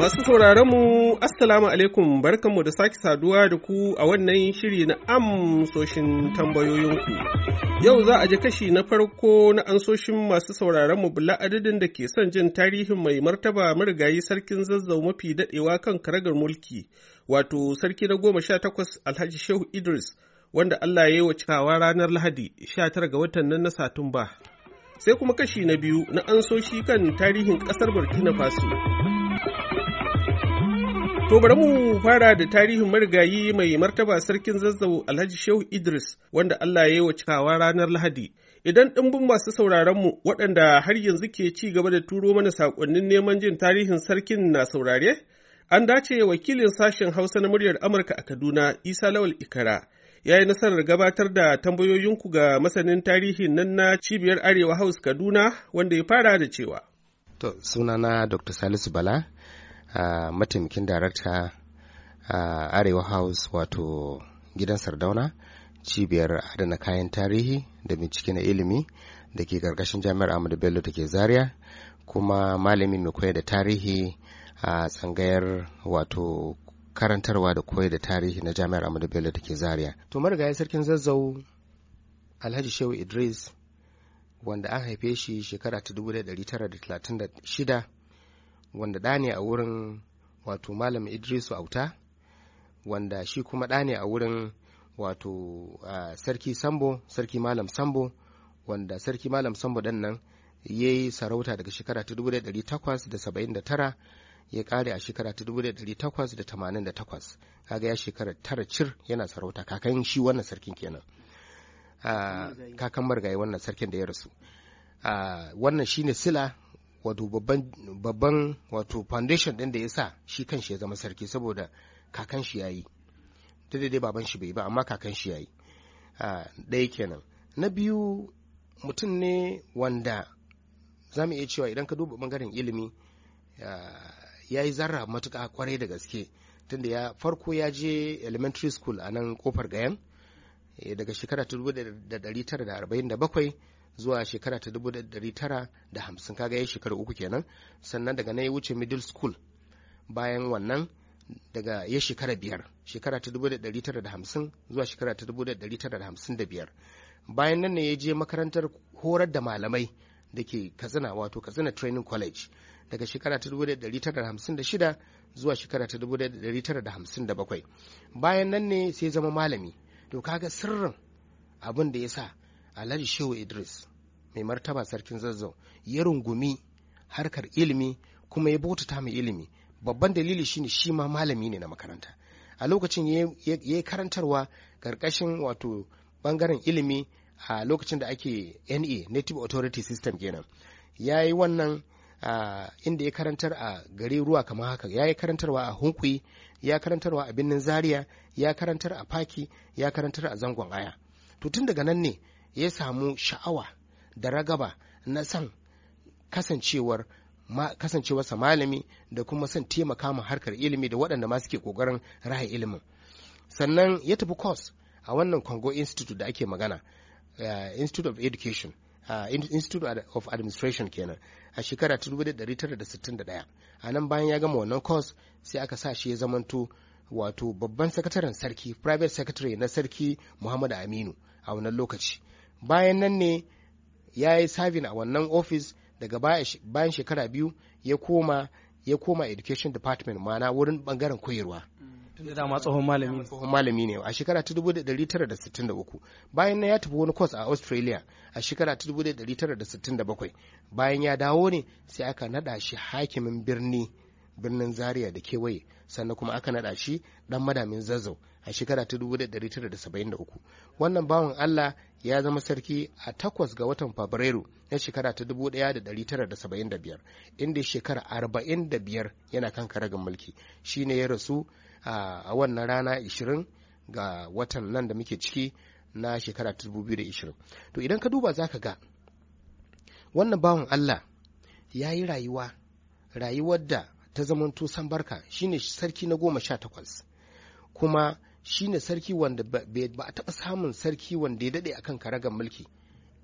Masu mu Assalamu alaikum barkanmu da sake saduwa da ku a wannan shiri na amsoshin tambayoyinku. Yau za a ji kashi na farko na ansoshin masu sauraronmu bula adadin da ke son jin tarihin mai martaba marigayi sarkin zazzau mafi daɗewa kan karagar mulki, wato sarki na goma sha takwas Alhaji Shehu Idris, wanda Allah ya yi wa cikawa ranar Lahadi, sha ga watan nan na Satumba. Sai kuma kashi na biyu na ansoshi kan tarihin ƙasar Burkina Faso. To bari mu fara da tarihin marigayi mai martaba sarkin zazzau Alhaji Shehu Idris wanda Allah ya yi wa cikawa ranar Lahadi. Idan ɗimbin masu sauraronmu waɗanda har yanzu ke ci gaba da turo mana saƙonnin neman jin tarihin sarkin na saurare, an dace wakilin sashen Hausa na muryar Amurka a Kaduna Isa Lawal Ikara. Ya yi nasarar gabatar da tambayoyinku ga masanin tarihin nan na cibiyar Arewa House Kaduna wanda ya fara da cewa. To sunana Dr. Salisu Bala A mataimakin darakta a arewa house wato gidan sardauna cibiyar adana kayan tarihi da bincike na ilimi da ke karkashin jami'ar amadu bello da ke zaria kuma malami mai koyar da tarihi a tsangayar wato karantarwa da koya da tarihi na jami'ar amadu bello da ke zaria to marigayi sarkin zazzau alhaji shehu idris wanda an haife shi shekara ta 1936 wanda ɗa ne a wurin wato malam idrisu auta wanda shi kuma ɗa ne a wurin wato sarki sambo sarki malam sambo wanda sarki malam sambo ɗan nan ya yi sarauta daga shekara ta 1879 ya ƙare a shekara ta 1888 kaga ya shekara tara cir yana sarauta kakan shi wannan sarkin kenan kakan margaye wannan sarkin da ya rasu wannan shine sila wato babban wato foundation din da ya sa shi kan shi ya zama sarki saboda kakan shi yayi ta daidai baban shi bai ba amma kakan shi yayi ɗaya kenan na biyu mutum ne wanda za mu iya cewa idan ka duba bangaren ilimi ya yi zarra matuka kwarai da gaske tunda ya farko ya je elementary school a nan kofar gayan eh, daga shekara 1947 zuwa shekara ta dubu da da dari tara hamsin kaga ya shekara uku kenan sannan daga nan ya wuce middle school bayan wannan daga ya shekara biyar shekara ta dubu da da dari tara hamsin zuwa shekara ta dubu da da da dari tara hamsin biyar. bayan nan ne ya je makarantar horar da malamai da ke katsina wato katsina training college daga shekara ta dubu da da da dari tara hamsin shida zuwa shekara ta dubu da da da dari tara hamsin bakwai bayan nan ne sai zama malami to kaga sirrin abin da ya sa alhaji shehu idris mai martaba sarkin zazzau ya rungumi harkar ilimi kuma ya bautata mai ilimi babban dalili shine shi ma malami ne na makaranta a lokacin ya yi karantarwa karkashin wato bangaren ilimi a lokacin da ake na native authority system kenan ya yi wannan inda ya karantar a gari ruwa kamar haka ya yi karantarwa a hunkwi ya karantarwa a birnin zaria ya karantar a Paki, ya karantar a zangon aya to tun daga nan ne ya samu sha'awa da ragaba na san kasancewar kasancewarsa malami da kuma son taimaka ma harkar ilimi da waɗanda ma suke ƙoƙarin raha ilimin sannan ya tafi course a wannan congo institute da ake magana uh, institute of education uh, institute of administration kenan a shekara 1961 a nan bayan ya gama wannan course sai aka sa shi ya zamanto wato babban sakataren sarki private secretary na sarki muhammadu aminu a wannan lokaci bayan nan ne ya yi sabin a wannan ofis daga bayan shekara biyu ya koma ya koma education department mana wurin bangaren koyarwa tunda dama tsohon malami tsohon malami ne a shekara ta 1963 bayan na ya tafi wani course a Australia a shekara ta 1967 bayan ya dawo ne sai aka nada shi hakimin birni birnin Zaria da kewaye sannan kuma aka nada shi dan madamin Zazzau a shekara ta 1973 wannan bawan Allah ya zama sarki a takwas ga watan fabrairu na shekara ta 1975 inda shekara 45 yana kan karagin mulki shine ya rasu a wannan rana 20 ga watan nan da muke ciki na shekara 2020 to idan ka duba za ka ga wannan bawan allah ya yi rayuwa rayuwar da ta zamanto san barka shine sarki na goma sha takwas kuma shine sarki wanda ba a taɓa samun sarki wanda ya daɗe akan karagar mulki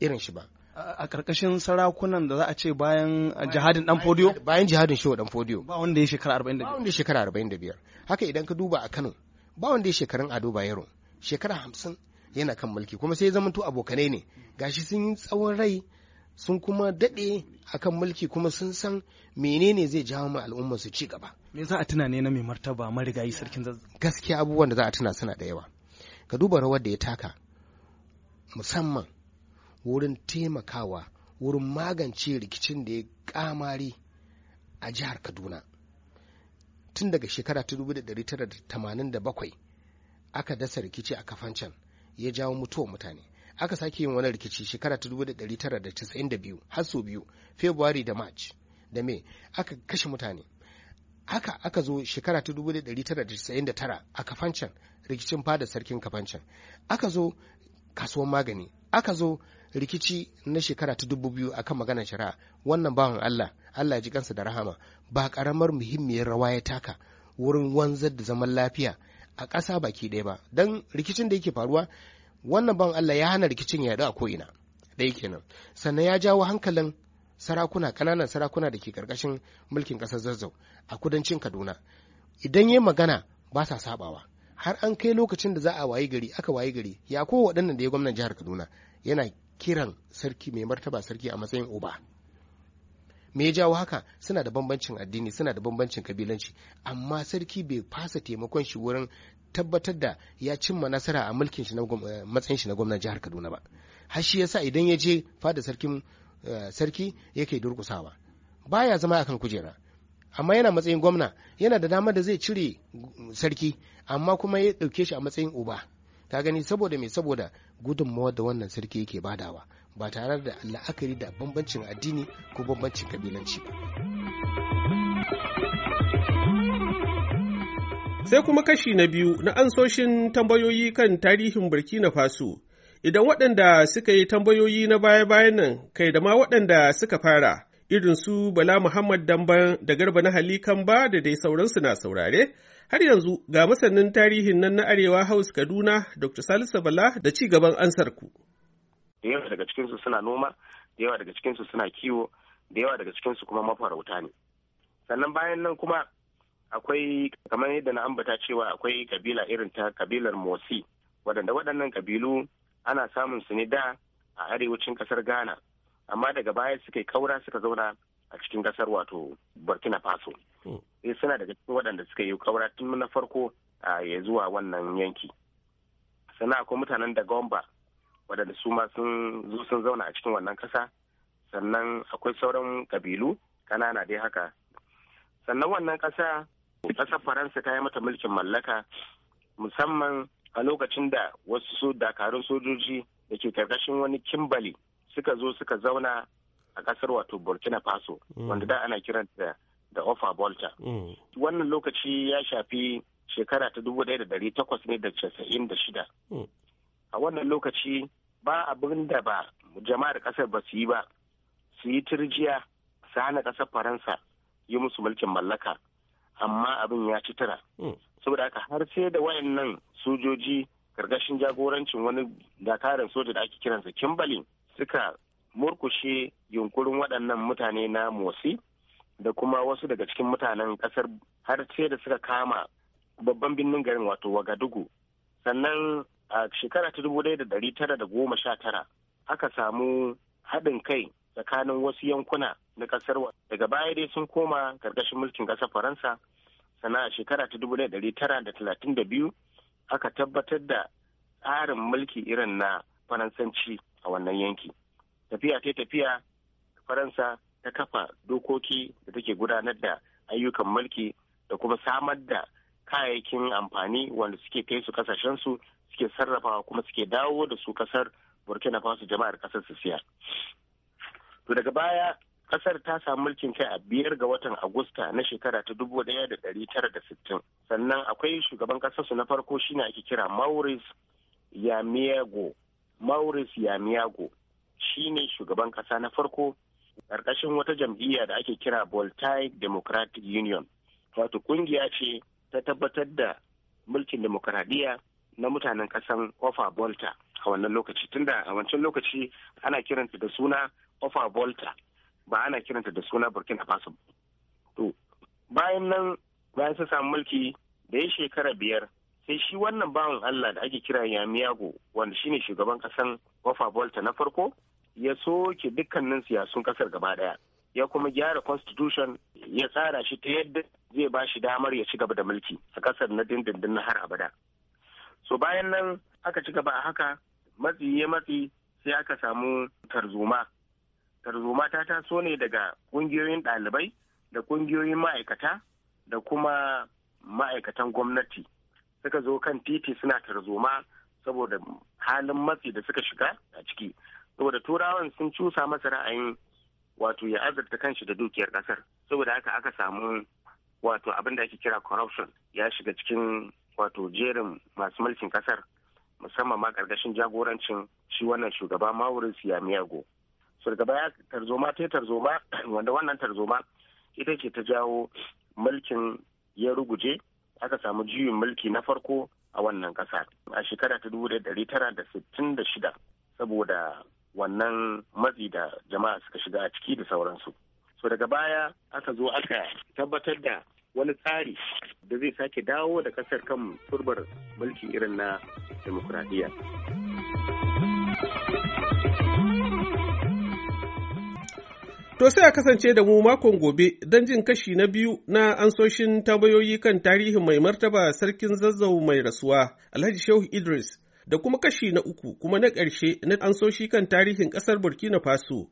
irin shi ba a ƙarƙashin sarakunan da za a ce bayan jihadin dan fodiyo bayan jihadin shehu dan fodiyo ba wanda ya shekara 45 ba wanda ya shekara 45 haka idan ka duba a Kano ba wanda ya shekarun Ado Bayero shekara 50 yana kan mulki kuma sai ya to abokanai ne gashi sun yi tsawon rai sun kuma daɗe akan mulki kuma sun san menene zai jawo mu al'umma su ci gaba me za a tuna ne na mai martaba marigayi sarkin zazzau gaskiya abubuwan da za a tuna suna da yawa ka duba rawar da ya taka musamman wurin taimakawa wurin magance rikicin da ya kamari a jihar kaduna tun daga shekara 1987 aka dasa rikici a kafancan ya jawo mutuwar mutane aka sake yin wani rikici shekara ta 1992 har sau biyu february da march da me aka kashe mutane haka aka zo shekara ta 1999 a kafancan rikicin fada sarkin kafancan aka zo kasuwan magani aka zo rikici na shekara ta dubu biyu a kan maganar shari'a wannan bawan Allah Allah ji kansa da rahama ba karamar muhimmiyar rawa ya taka wurin wanzar da zaman lafiya a ƙasa baki ɗaya ba don rikicin da yake faruwa wannan ban Allah ya hana rikicin ya a ko'ina ɗaya kenan sannan ya jawo hankalin sarakuna ƙananan sarakuna da ke ƙarƙashin mulkin ƙasar zazzau a kudancin kaduna idan ya magana ba sa sabawa har an kai lokacin da za a wayi gari aka wayi gari ya ko waɗannan da ya gwamnan jihar kaduna yana kiran sarki mai martaba sarki a matsayin uba me ya jawo haka suna da bambancin addini suna da bambancin kabilanci amma sarki bai fasa taimakon shi wurin tabbatar da ya cimma nasara a mulkin shi na eh, matsayin shi na gwamnan jihar Kaduna ba har shi yasa idan ya je fada sarkin eh, sarki yake durkusawa baya zama akan kujera amma yana matsayin gwamna yana da damar da zai cire mm, sarki amma kuma ya ɗauke shi a matsayin uba ka gani saboda me saboda gudunmawar da wannan sarki yake badawa ba tare da la'akari da bambancin addini ko bambancin kabilanci ba. Sai kuma kashi na biyu na ansoshin tambayoyi kan tarihin Burkina Faso. Idan waɗanda suka yi tambayoyi na baya-bayan nan kai da ma waɗanda suka fara, irin su Bala Muhammad Damban da Garba na Halikan ba da dai sauransu na saurare, har yanzu ga masanin tarihin nan na Arewa House Kaduna Dr. Salisu Bala da ci gaban ansarku. yawa daga cikinsu suna noma, da yawa daga cikinsu suna kiwo, da yawa daga cikinsu kuma mafarauta ne. Sannan bayan nan kuma akwai kamar yadda na ambata cewa akwai kabila irin ta kabilar mosi waɗanda waɗannan kabilu ana samun su ne da a arewacin ƙasar ghana amma daga baya suka kaura suka zauna a cikin ƙasar wato burkina faso sai hmm. eh, suna daga cikin waɗanda suka yi kaura tun na farko ya zuwa wannan yanki sannan akwai mutanen da gomba waɗanda su ma sun zo sun zauna a cikin wannan ƙasa sannan akwai sauran kabilu ƙanana dai haka sannan wannan ƙasa ƙasar faransa ta yi mata mulkin mallaka musamman a lokacin da wasu dakarun sojoji da ke karkashin wani kimbali suka zo suka zauna a kasar wato burkina faso mm. wanda da ana kiranta da ofa bolta mm. wannan lokaci ya shafi shekara ta dubu ɗaya da ɗari takwas ne da casa'in da shida mm. a wannan lokaci ba abin da ba jama'ar kasar ba su yi ba su yi turjiya su hana kasar faransa yi musu mulkin mallaka amma abin ya ci tara hmm. saboda haka har sai da wayannan sojoji karkashin jagorancin wani dakarin soja da ake kiransa kimbalin suka murkushe yunkurin waɗannan mutane na motsi da kuma wasu daga cikin mutanen ƙasar har sai da suka kama babban birnin garin wato wagadugu sannan a shekara ta dubu da dari tara da goma sha tara aka samu haɗin kai tsakanin wasu yankuna na kasar daga baya dai sun koma karkashin mulkin kasar faransa sannan a shekara ta dubu dari tara da talatin da biyu aka tabbatar da tsarin mulki irin na faransanci a wannan yanki tafiya ta tafiya faransa ta kafa dokoki da take gudanar da ayyukan mulki da kuma samar da kayayyakin amfani wanda suke kai su kasashensu suke sarrafawa kuma suke dawo da su kasar burkina faso jama'ar kasar su siya to daga baya Kasar ta samu mulkin kai a biyar ga watan Agusta na shekara ta dubu daya da dari tara da sittin. Sannan akwai shugaban su na farko shine ake kira Maurice Yamiago. Maurice Yamiago shine shugaban kasa na farko ƙarƙashin wata jam'iyya da ake kira Voltaic Democratic Union. Wato ƙungiya ce ta tabbatar da mulkin demokaradiyya na mutanen kasan Ofa Volta a wannan lokaci tunda a wancan lokaci ana kiranta da suna Ofa Volta. ba ana kiranta da suna burkina faso to bayan nan bayan sun samu mulki da ya shekara biyar sai shi wannan bawan allah da ake kira yamiyago wanda shine shugaban kasan wafa volta na farko ya soke dukkanin siyasun kasar gaba daya ya kuma gyara constitution ya tsara shi ta yadda zai ba shi damar ya ci gaba da mulki a kasar na dindindin na har abada so bayan nan aka ci gaba a haka matsi ya matsi sai aka samu tarzoma tarzoma ta so ne daga kungiyoyin ɗalibai da kungiyoyin ma'aikata da kuma ma'aikatan gwamnati suka zo kan titi suna tarzoma saboda halin matsi da suka shiga a ciki saboda turawan sun cusa masa ra'ayin wato ya azurta kanshi da dukiyar kasar saboda haka aka samu wato abin da ake kira corruption ya shiga cikin wato jerin masu mulkin kasar musamman ma karkashin jagorancin shi wannan shugaba Maurice Yamiago so daga baya tarzoma ta tarzoma wanda wannan tarzoma ita ce ta jawo mulkin ya ruguje aka samu juyin mulki na farko a wannan kasa a shekara ta dubu tara da sittin da shida saboda wannan matsi da jama'a suka shiga a ciki da sauransu so daga baya aka zo aka tabbatar da wani tsari da zai sake dawo da kasar kan turbar mulki irin na demokuraɗiyya. To sai a kasance da mu makon gobe don jin kashi na biyu na ansoshin tambayoyi kan tarihin mai martaba sarkin zazzau mai rasuwa Alhaji Shehu Idris da kuma kashi na uku kuma na ƙarshe na ansoshi kan tarihin ƙasar Burkina Faso.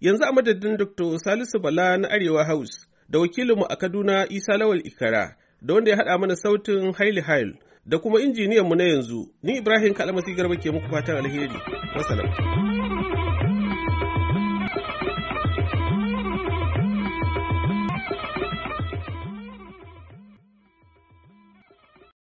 Yanzu a madadin Dr. Salisu Bala na Arewa House da wakilinmu a Kaduna Isa Lawal Ikara da wanda ya haɗa mana sautin Haile hail da kuma injiniyanmu na yanzu ni Ibrahim Kalamasi Garba ke muku fatan alheri. Wasalam.